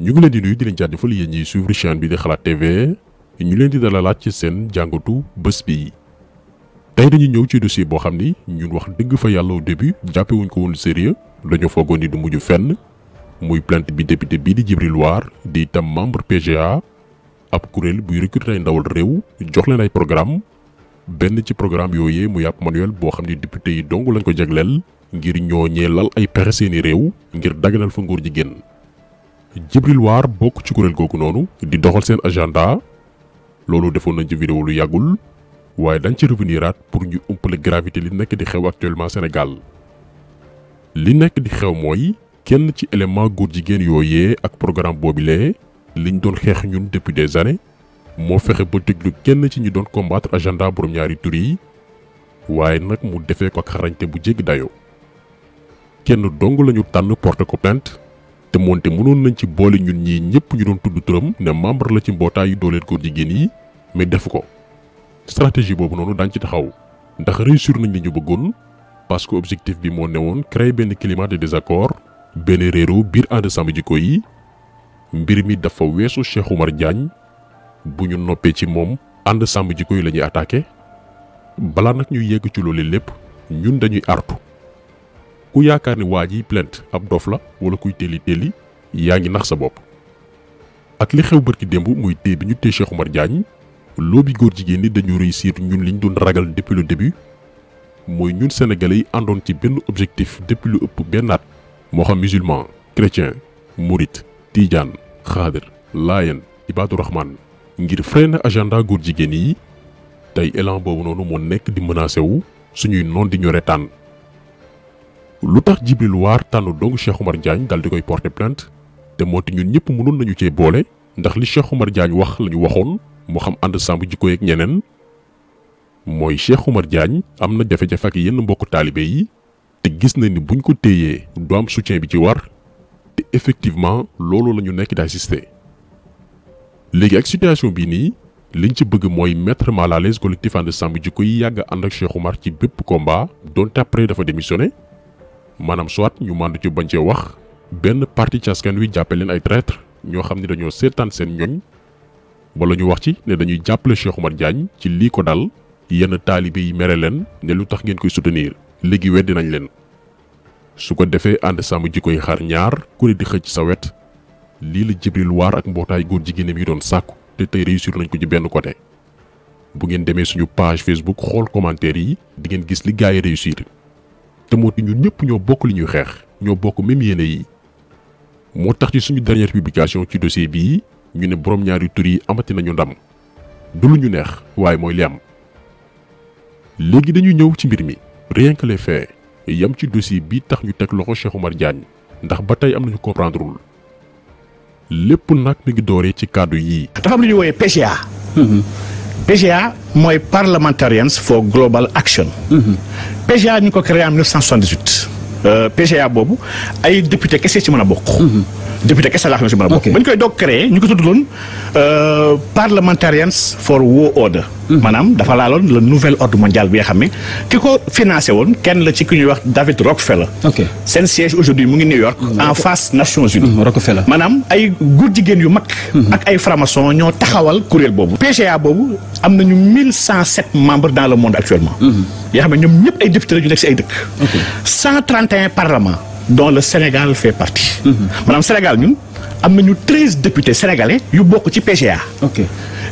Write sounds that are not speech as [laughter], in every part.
ñu ngi leen di nuyu di leen jaajëfal yéen ñiy suivre chaîne bi di xalaat tv ñu leen di dalalaat ci seen jàngatu bés bi tey dañu ñëw ci dossier boo xam ni ñun wax dëgg fa yàlla au début jàppe wuñ ko woon sérieux dañu foogoon ni du mujj fenn muy plainte bi député bi di jibril waar di itam membre pga ab kuréel buy recruter ay ndawal réew jox leen ay programme benn ci programme yooyee muy ab manuel boo xam ni député yi dong lañ ko jagleel ngir ñooñee lal ay pexe seeni réew ngir daganal fa nguur ji Djibril waar bokk ci kuréel googu noonu di doxal seen agenda loolu defoon nañ ci vidéo lu yàggul waaye dañ ci reveniraat pour ñu umpale gravité li nekk di xew actuellement Sénégal li nekk di xew mooy kenn ci élément góor jigéen yooyee ak programme boobilee liñ doon xeex ñun depuis des années moo fexe ba déglu kenn ci ñu doon combattre agenda borom ñaari tur yi waaye nag mu defee ko ak xarañte bu jéggi dayo kenn dong lañu tànn porte ko te moonte mënoon nañ ci boole ñun ñii ñëpp ñu doon tudd turam ne membre la ci mbootaay doo dooleel ko jigéen yi mais defu ko stratégie boobu noonu daañ ci taxaw ndax réussir nañ li ñu bëggoon parce que objectif bi moo newoon créer benn climat de désaccord benn réero biir ànd sàmm jikko yi mbir mi dafa weesu Cheikh Oumar Diagne bu ñu noppee ci moom ànd sàmm jikko yi la ñuy attaqué balaa nag ñu yegg ci loolu lépp ñun dañuy artu ku yaakaar ni waa ji plainte ab dof la wala kuy teli teli yaa ngi nax sa bopp ak li xew barki démb muy tee bi ñu tee Cheikh omar Diagne loobi góor jigéen ni dañu réussir ñun liñ doon ragal depuis le début mooy ñun sénégalais yi àndoon ci benn objectif depuis le ëpp benn at xam musulman chrétien murit tidiane xaadir laayen ibadu rahman ngir freiné agenda góor jigéen yi tey élan boobu noonu moo nekk di menacé wu suñuy non di ñu retaan lu tax Djibril waar tànn dong Cheikh Oumar Diagne dal di koy porter plainte te moo mooti ñun ñëpp mënoon nañu cee boole ndax li Cheikh Oumar Diagne wax la ñu waxoon moo xam ànd sàmm jikko yeeg ñeneen mooy Cheikh Oumar Diagne am na jafe-jafe ak yenn mbokku taalibe yi te gis na ni buñ ko téyee du am soutien bi ci war te effectivement loolu la ñu nekk di assister léegi ak situation bii nii liñ ci bëgg mooy mettre mal à l'aise collectif ànd sàmm jikko yi yàgg ànd ak Cheikh ci bépp combat donte après dafa démissionné. Manam soit ñu mandu ci bañ ci wax benn parti ci askan wi jappel leen ay traître ño xamni dañu sétane sen ñoñ wala ñu wax ci né dañuy jappel Cheikh Oumar Diagne ci li ko dal yeen talibé yi méré leen né lu tax ngeen koy soutenir léegi wéddi nañ leen su ko défé and samu jikko yi xar ñaar ku ne di xëc sa wét li la Jibril war ak mbootaay góor jigéenam yi doon sakku té tay réussir nañ ko ci benn côté bu ngeen démé suñu page Facebook xol commentaire yi di ngeen gis li gaay réussir te moo tax ñun ñëpp ñoo bokk li ñu xex ñoo bokk même yéene yi moo tax ci suñu dernière publication ci dossier bi ñu né borom ñaari tour yi amati nañu ndam du lu ñu neex waaye moy li am. légui dañu ñëw ci mbir mi rien que les faits yam ci dossier bi tax ñu tek loxo Cheikh Oumar Diagne ndax ba tay am nañu comprendre wul lépp nag mi ngi dooree ci kàddu yi dafa am lu ñuy woowee PCA. PGA mooy Parliamentarians for Global Action. Mhm. PGA ñu ko créé en 1978. Euh, PGA boobu ay député kese ci mën a bokk. Mhm. député kese laa xam ne ci mën a bokk. ba ñu koy doog créé ñu ko tuddoon euh, Parliamentarians for Law Order. Mm-hmm. Madame, dafa le nouvel ordre mondial bi nga xam financé le la ci David Rockefeller. ok sen siège aujourd'hui mu New York. Mm-hmm. en face Nations Unies. Mm-hmm. Rockefeller manam ay góor un yu mak ak ay franc-maçon ñoo taxawal kuréel bobu PGA a am nañu membres dans le monde actuellement. Il y a ñoom ay du ñu parlements dont le Sénégal fait partie. le Sénégal ñun am nañu 13 députés sénégalais yu bokku ci PGA.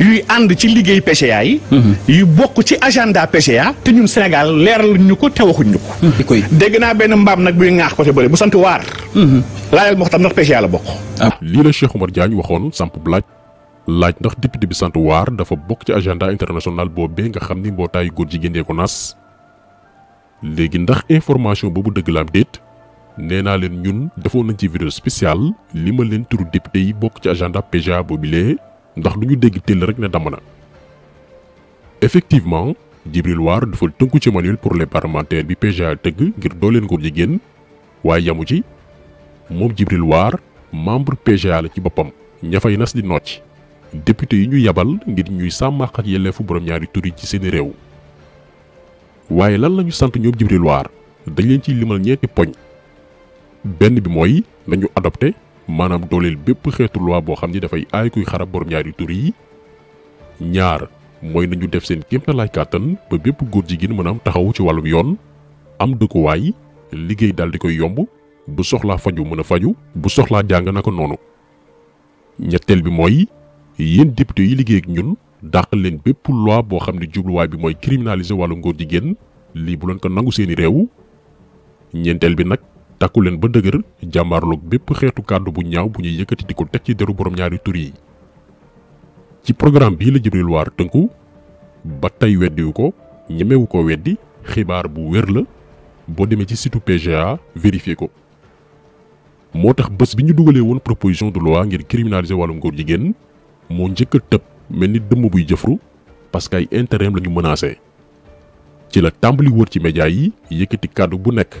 yuy ànd ci liggéey PCA yi. Mhm. yu bokk ci agenda PCA. te ñun Sénégal leeral ñu ko te waxuñ ñu ko. Mhm. dégg naa benn mbaam nag buy ŋaax côté bële bu sant waar. Mhm. laajal moo xam ndax PCA la bokk. Ah. lii la Cheikh Omar Diagne waxoon samp laaj laaj ndax député bi sant waar dafa bokk ci agenda international boobee nga xam ni mbootaayu góor jigéen yee ko nas léegi ndax information boobu dëgg la am déet nee naa leen ñun defoon nañ ci vidéo spéciale li ma leen turu yi bokk ci agenda PGA boobilee ndax du ñu dégg teel rek ne damana effectivement jibril War dafa tënku ci manuel pour les parlementaires bi PGA tëgg ngir dooleel góor jigéen waaye yamu ci moom jibril War membre PGA la ci boppam ña fay nas di nocc député yi ñu yabal ngir ñuy sàmmaax ak yelleefu borom ñaari tur ci seeni réew waaye lan lañu sant ñoom jibril War dañ leen ci limal ñeenti poñ benn bi mooy nañu adopté Manam dolil bepp xeetu loi bo xamni da fay ay kuy xara borom ñaari tour yi ñaar moy nañu def seen kéemtalaay katan ba bepp goor jigin manam a am taxawu ci walum yoon am way liggey dal di koy yomb bu soxla faju mëna faju bu soxla jang nako nonu ñettel bi moy yeen député yi liggey ak ñun dakh leen bepp loi bo xamni ne way bi moy criminaliser walum goor jigen li bu leen ko nangu seen rew ñentel bi nak takku len ba dëgër jàmbaarloog bépp xeetu kaddu bu ñaaw bu ñu yëkëti diko tek ci deru borom ñaari tour yi ci programme bi la Jibril war teunku ba tey ko ñemewu ko weddi xibaar bu wër la bo démé ci situ PGA vérifier ko motax bëss bi ñu duggalé won proposition de loi ngir criminaliser walum goor jigen mo njëkk tepp melni dëmm buy jëfru parce qu'ay intérêt lañu menacer ci la wër ci média yi yëkëti kaddu bu nekk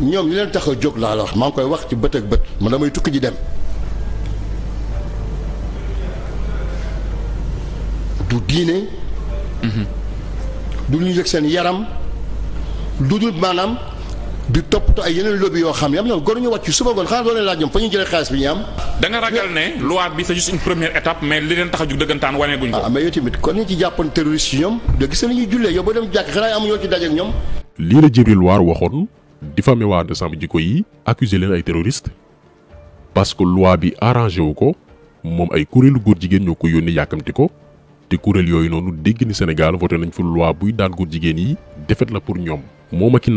ñoom li leen tax a jóg laa la wax maa ngi koy wax ci bët ak bët man damay tukki ji dem du diine. Mm-hmm. du ñu yëg seen yaram lu dul maanaam di toppatoo ay yeneen lobby yoo xam yam na góor ñu wàcc suba ngoon xanaa doo leen laaj ñoom fa ñu jëlee xaalis bi ñu am. da ragal ne loi bi c'est juste première étape mais li leen tax a jug dëggantaan wane guñ ko. ah mais yow kon ñu ci jàppoon terroriste yi ñoom de gis nañu jullee yow boo dem jàkk xanaa amuñoo ci ñoom. lii la Jibril Waar waxoon. diffamé waa Desamb djiko yi accusé len ay terroriste parce que loi bi arrangé wu mom ay kuréelu góor jigéen ñoo ko yónnee yàkkamti ko te kuréel yooyu noonu dégg ni Sénégal voté nañ fu loi buy daan góor jigéen yi defet la pour ñoom moom ak i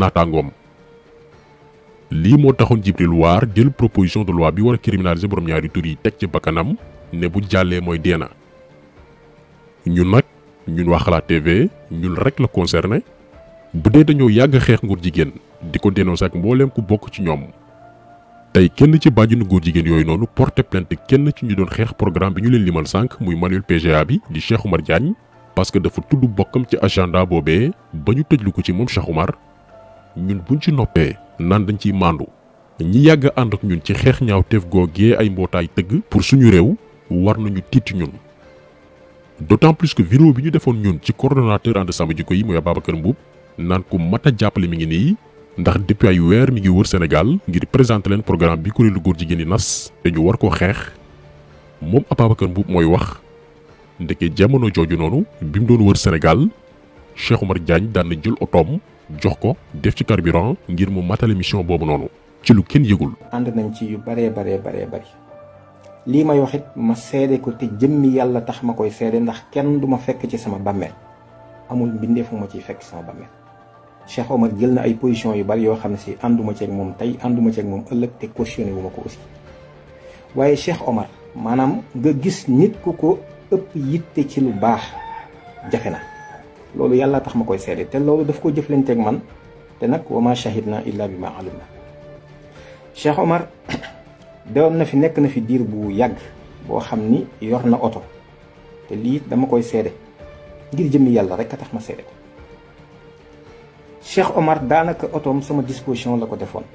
li mo taxone taxoon Djibril War jël proposition de loi bi war criminaliser borom ñaari tour yi teg ci bakanam né bu jallé moy déna ñun nak ñun waa Xalaat TV ñun rek la concerné bu dé dañu yag xex nguur jigéen. di ko dénoncé ak mbooleem ku bokk ci ñoom tey kenn ci nu góor jigéen yooyu noonu porté plainte kenn ci ñu doon xeex programme bi ñu leen limal sànq muy manuel PGA bi di Cheikh Oumar Diagne parce que dafa tudd bokkam ci agenda boobee ba ñu tëjlu ko ci moom Cheikh Oumar ñun buñ ci noppee naan dañ ciy màndu ñi yàgg ànd ak ñun ci xeex ñaaw teef googee ay mbootaay tëgg pour suñu réew war nañu tiit ñun d'autant plus que vidéo bi ñu defoon ñun ci coordonnateur ànd sàmm jikko yi muy Ababacar Mboup naan ku mat a jàppale mi ngi nii ndax depuis ay weer mi ngi wër Sénégal ngir présenter leen programme bi kuréelu góor jigéen yi nas te ñu war ko xeex moom kër Mboup mooy wax ndeke jamono jooju noonu bi mu doon wër Sénégal Cheikh Omar Diagne na jël otom jox ko def ci carburant ngir mu matale mission boobu noonu ci lu kenn yëgul. ànd nañ ci yu baree baree baree bari lii may wax ma seede ko te jëmmi yàlla tax ma koy seede ndax kenn du ma fekk ci sama bàmmeel amul mbindeefu ma ciy fekk Cheikh Omar jël na ay position yu bari yoo xam ne si ànduma ceeg moom tey ànduma ceeg moom ëllëg te cautionné wu ma ko aussi waaye Cheikh Omar maanaam nga gis nit ku ko ëpp yitte ci lu baax jafe na loolu yàlla tax ma koy seede te loolu daf ko jëf lañ jëflanteeg man te nag wa ma shahid na illa bi ma alim na Cheikh Omar [coughs] doon na fi nekk na fi diir bu yàgg boo xam ni yor na oto te lii dama koy seede ngir jëmmi yàlla rek a ma seede Cheikh Omar daanaka otoom sama disposition la ko defoon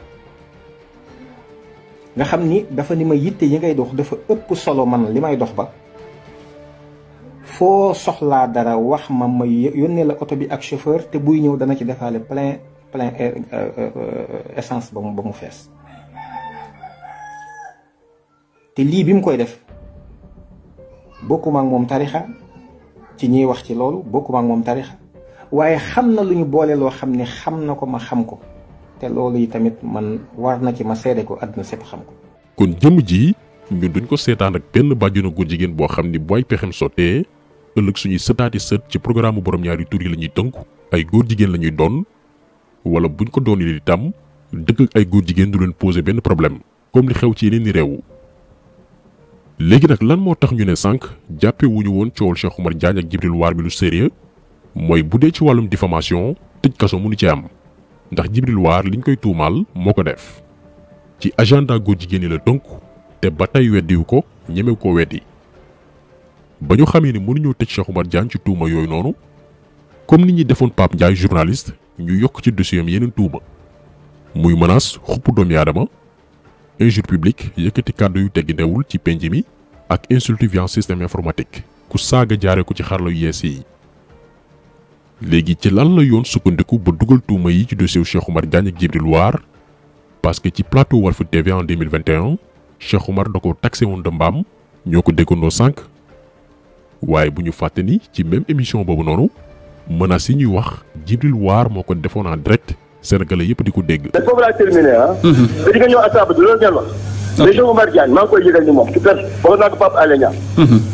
nga xamni dafa ni ma yitte yi ngay dox dafa ëpp solo man limay dox ba fo soxla dara wax ma ma yónnee la auto bi ak chauffeur te buy ñëw dana ci defale plein plein essence ba mu ba mu fees te li bi mu koy def bokuma ak mom tarixa ci ñi wax ci lolu bokuma ak mom tarixa waaye xam na lu boole loo xam ne xam na ko ma xam ko te loolu yi tamit man war na ci ma seede ko àdduna sépp xam ko. kon jëm ji ñun duñ ko seetaan ak benn bàjjenu góor jigéen boo xam ni bu ay pexem sottee ëllëg suñuy sëtaati sët ci programme borom ñaari tur yi la ñuy tënku ay góor jigéen la ñuy doon wala buñ ko doon yi itam dëkk ak ay góor jigéen du leen posé benn problème comme li xew ci yeneen i réew. léegi nag lan moo tax ñu ne sànq jàppee woon coowul Cheikh Oumar Diagne ak Djibril War mi moy bu tu ci walum diffamation Tu kaso munu ci am ndax jibril War liñ koy tuumaal moko def ci agenda Tu as la tënku te ba tey ko ñemewu ko weddi ba ñu xamee ne mënuñoo pas Cheikh Oumar diane ci tuuma yoy nonu comme nit ñi defoon Pape ndjay journaliste ñu yok ci dossier yeneen muy menace xupp doomi injure public yëkëti kaddu yu ci ak insulte via système informatique ku saaga ko ci xarlo yu léegi ci lan la yoon sukkandiku ba dugal tuuma yi ci dossier Cheikh Oumar Diagne ak Djibril War parce que ci plateau Walf TV en 2021 Cheikh Oumar da ko taxé woon de mbaam ñoo ko déggandoo sànq waaye bu ñu fàtte ni ci même émission boobu noonu menaces yi ñuy wax Djibril waar moo ko defoon en direct Sénégalais yëpp di ko dégg. mais foofu laa ah. te di nga ñëw asaabu du loolu ngeen wax. maa koy yëgal ni moom ci perte. waxoon naa ko Pape Alé Niang. Mhm.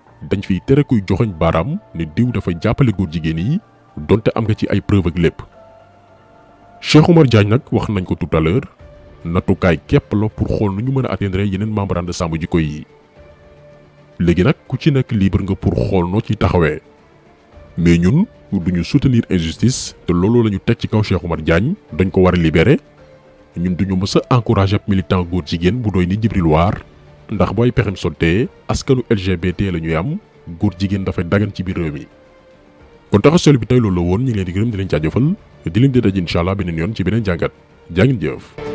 dañ fiy tere kuy joxoñ baaraam ni diw dafa jàppale góor jigéen yi donte am nga ci ay preuve ak lépp Cheikh Oumar Diagne nag wax nañ ko tout nattukaay képp la pour xool nu ñu mën a atteindre yeneen membre And Samm Jikko yi léegi nag ku ci nekk libre nga pour xool noo ciy taxawee mais ñun duñu soutenir injustice te loolu lañu ñu teg ci kaw Cheikh Oumar Diagne dañ ko war a libérer ñun duñu mës a encourager militant góor jigéen bu doy ni Djibril War ndax booy pexem sottee askanu LGBT la ñuy am góor jigéen dafay dagan ci biir réew mi. kon taxasol bi tey loolu la woon ñu leen di gërëm di leen jaajëfal di leen di daje incha allah beneen yoon ci beneen jàngat jaa ngeen jëf.